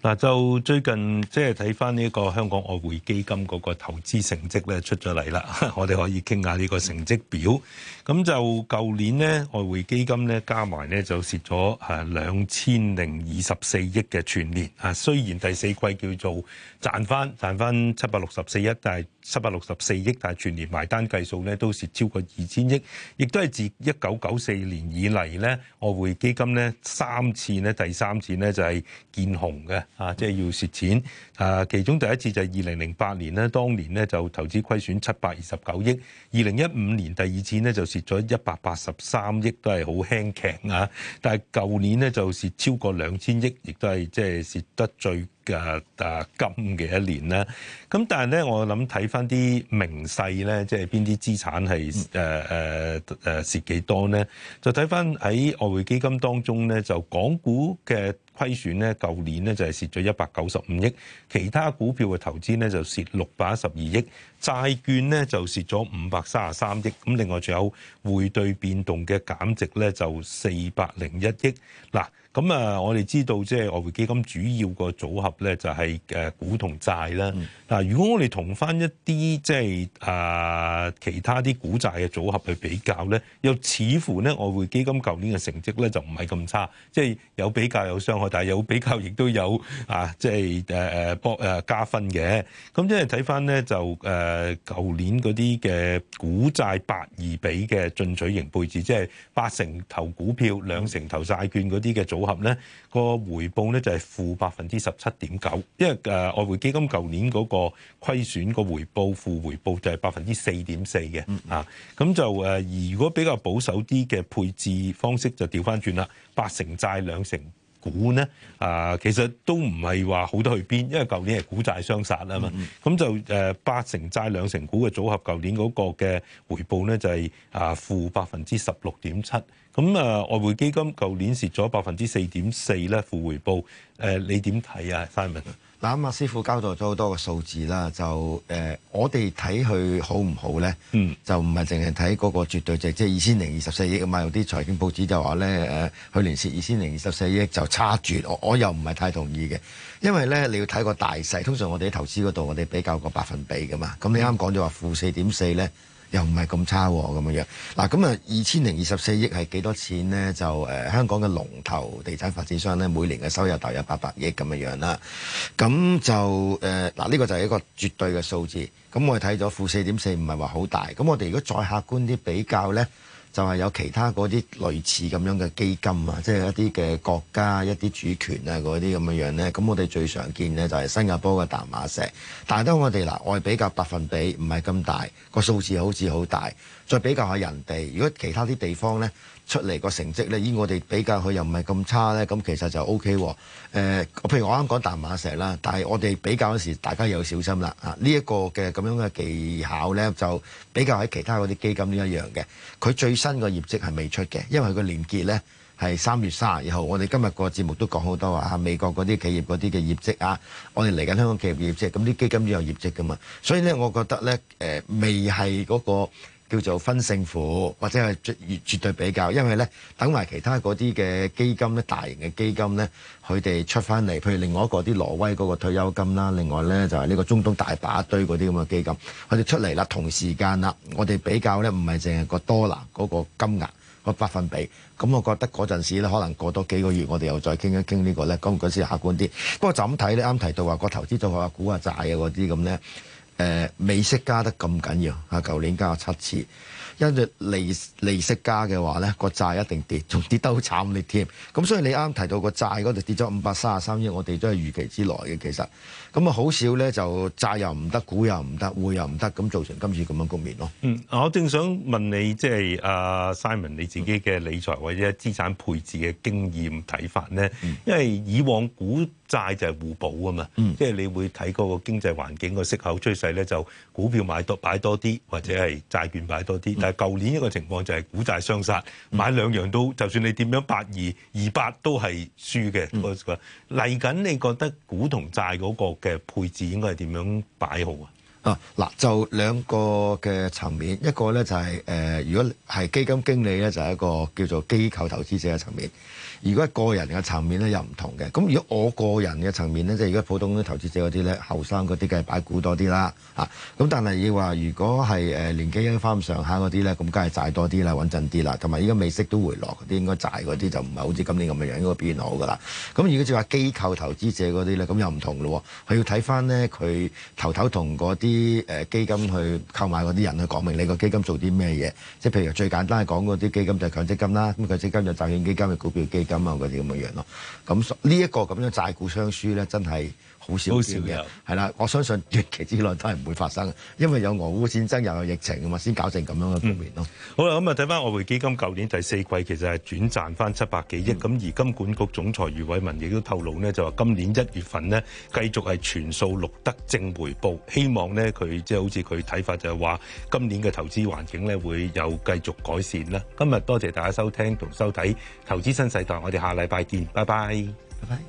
嗱，就最近即係睇翻呢個香港外匯基金嗰個投資成績咧出咗嚟啦，我哋可以傾下呢個成績表。咁就舊年咧外匯基金咧加埋咧就蝕咗啊兩千零二十四億嘅全年啊，雖然第四季叫做賺翻賺翻七百六十四億，但係七百六十四億但係全年埋單計數咧都蝕超過二千億，亦都係自一九九四年以嚟咧外匯基金咧三次咧第三次咧就係見紅嘅。啊，即係要蝕錢。啊，其中第一次就係二零零八年咧，當年咧就投資虧損七百二十九億。二零一五年第二次咧就蝕咗一百八十三億，都係好輕劇啊。但係舊年咧就蝕超過兩千億，亦都係即係蝕得最嘅啊勁嘅一年啦。咁但係咧，我諗睇翻啲明細咧，即係邊啲資產係誒誒誒蝕幾多咧？就睇翻喺外匯基金當中咧，就港股嘅。虧損咧，舊年咧就係蝕咗一百九十五億，其他股票嘅投資咧就蝕六百一十二億，債券咧就蝕咗五百三十三億，咁另外仲有匯兌變動嘅減值咧就四百零一億。嗱，咁啊，我哋知道即係外匯基金主要個組合咧就係股同債啦。嗱、嗯，如果我哋同翻一啲即係其他啲股債嘅組合去比較咧，又似乎咧外匯基金舊年嘅成績咧就唔係咁差，即係有比較有傷害。但係有比較，亦都有啊，即係誒誒博誒、啊、加分嘅。咁即係睇翻咧，就誒舊、啊、年嗰啲嘅股債八二比嘅進取型配置，即、就、係、是、八成投股票，兩成投債券嗰啲嘅組合咧，嗰個回報咧就係負百分之十七點九。因為誒外匯基金舊年嗰個虧損個回報負回報就係百分之四點四嘅啊。咁就誒，啊、而如果比較保守啲嘅配置方式，就調翻轉啦，八成債兩成股咧啊，其實都唔係話好得去邊，因為舊年係股債雙殺啊嘛，咁就誒八成債兩成股嘅組合，舊年嗰個嘅回報咧就係啊負百分之十六點七。咁啊，外匯基金舊年蝕咗百分之四點四咧，負回報。誒、呃，你點睇啊，Simon？嗱，阿師傅交代咗好多個數字啦，就誒、呃，我哋睇佢好唔好咧？嗯，就唔係淨係睇嗰個絕對值，即係二千零二十四億嘛。有啲財經報紙就話咧，誒，去年蝕二千零二十四億就差住。我我又唔係太同意嘅，因為咧你要睇個大勢。通常我哋喺投資嗰度，我哋比較個百分比噶嘛。咁你啱講就話負四點四咧。又唔係咁差喎，咁樣嗱，咁啊二千零二十四億係幾多錢呢？就、呃、香港嘅龍頭地產發展商咧，每年嘅收入大約八百億咁樣啦。咁就誒嗱，呢個就係一個絕對嘅數字。咁我哋睇咗負四點四，唔係話好大。咁我哋如果再客觀啲比較呢，就係、是、有其他嗰啲類似咁樣嘅基金啊，即、就、係、是、一啲嘅國家一啲主權啊嗰啲咁樣樣咧，咁我哋最常見咧就係新加坡嘅淡馬錫，但係當我哋嗱我哋比較百分比唔係咁大，個數字好似好大，再比較下人哋，如果其他啲地方咧出嚟個成績咧，依我哋比較佢又唔係咁差咧，咁其實就 O K 喎。誒，譬如我啱講淡馬錫啦，但係我哋比較嗰時候大家又要小心啦啊！呢、這、一個嘅咁樣嘅技巧咧，就比較喺其他嗰啲基金都一樣嘅，佢最新新嘅業績係未出嘅，因為佢個年結呢係三月卅號。我哋今日個節目都講好多啊，美國嗰啲企業嗰啲嘅業績啊，我哋嚟緊香港企業業績，咁啲基金都有業績噶嘛，所以呢，我覺得呢誒，未係嗰、嗰個。叫做分勝負或者係絕絕對比較，因為呢等埋其他嗰啲嘅基金咧，大型嘅基金呢，佢哋出翻嚟，譬如另外一個啲挪威嗰個退休金啦，另外呢，就係、係、呢個中東大把一堆嗰啲咁嘅基金，佢哋出嚟啦，同時間啦，我哋比較呢，唔係淨係個多拿嗰個金額、嗰個百分比，咁我覺得嗰陣時呢，可能過多幾個月，我哋又再傾一傾呢、呢個咧，講唔講先，客觀啲。不過就咁睇呢。啱提到話個投資就話股啊債啊嗰啲咁呢。誒美息加得咁緊要嚇，舊年加咗七次，因為利利息加嘅話咧，個債一定跌，仲跌得好慘烈添。咁所以你啱提到個債嗰度跌咗五百三十三億，我哋都係預期之內嘅其實。咁啊好少咧，就債又唔得，股又唔得，匯又唔得，咁造成今次咁樣局面咯。嗯，我正想問你即係阿 Simon 你自己嘅理財或者資產配置嘅經驗睇法咧，因為以往股債就係互補啊嘛，嗯，即係你會睇嗰個經濟環境個息口趨勢。咧就股票買多買多啲，或者係債券買多啲。但係舊年一個情況就係股債相殺，買兩樣都，就算你點樣八二二八都係輸嘅。嚟緊，來你覺得股同債嗰個嘅配置應該係點樣擺好啊？嗱、啊，就兩個嘅層面，一個咧就係、是、誒、呃，如果係基金經理咧，就係、是、一個叫做機構投資者嘅層面；如果個人嘅層面咧，又唔同嘅。咁如果我個人嘅層面咧，即係如果普通啲投資者嗰啲咧，後生嗰啲梗係擺股多啲啦，咁、啊，但係要話如果係誒年紀翻咁上下嗰啲咧，咁梗係債多啲啦，穩陣啲啦，同埋依家美息都回落，啲應該債嗰啲就唔係好似今年咁嘅樣應該變好噶啦。咁如果就話機構投資者嗰啲咧，咁又唔同咯，佢要睇翻咧佢頭頭同嗰啲。啲誒基金去購買嗰啲人去講明你個基金做啲咩嘢，即係譬如最簡單係講嗰啲基金就係強積金啦，咁強積金就債券基金、嘅、就係、股票基金啊嗰啲咁嘅樣咯。咁呢一個咁樣債股雙輸咧，真係好少嘅，係啦。我相信疫期之內都係唔會發生，因為有俄烏戰爭又有疫情啊嘛，先搞成咁樣嘅局面咯。好啦，咁啊睇翻外匯基金舊年第四季其實係轉賺翻七百幾億，咁、嗯、而金管局總裁余偉文亦都透露咧，就話今年一月份咧繼續係全數錄得正回報，希望咧。佢即係好似佢睇法就係話，今年嘅投資環境咧會有繼續改善啦。今日多謝大家收聽同收睇《投資新世代》，我哋下禮拜見，拜拜，拜拜。